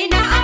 And I.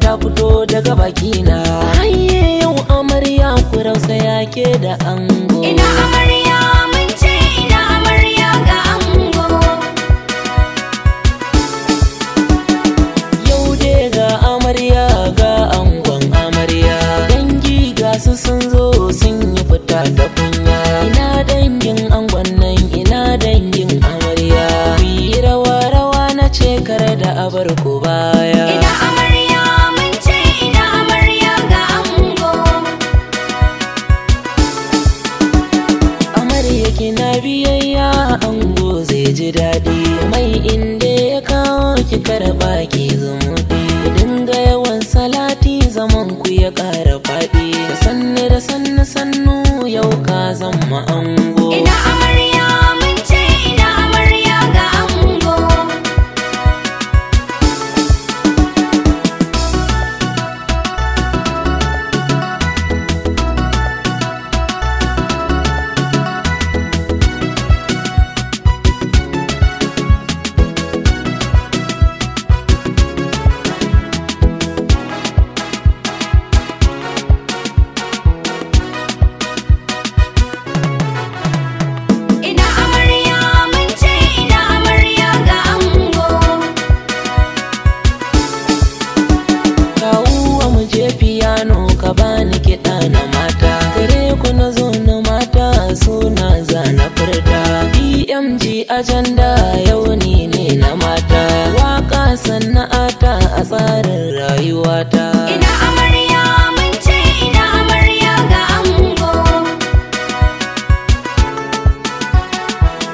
ta fito daga bakina haye yau amarya ku rausa yake da ango ina amarya mun ce ina amarya ga ango yau de ga amarya ga angon amarya dangi ga su sun zo sun yi fita da kunya ina dangin angon nan ina dangin amarya ku rawa rawa na ce kare da abar ku ba kina biyayya ango zai ji daɗi mai inda ya kawo ki karɓa ki zumuɗi dinga yawan salati zaman ku ya ƙara faɗi sanni da sannu sannu yau ka zama ango ina amarya ka bani kiɗa na mata gare ku na zo na mata suna zana furta emg ajanda yau ne na mata waka sana'ata a tsarin rayuwata ina amarya ina amarya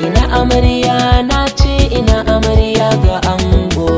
ina amarya na ce ina amarya ga ango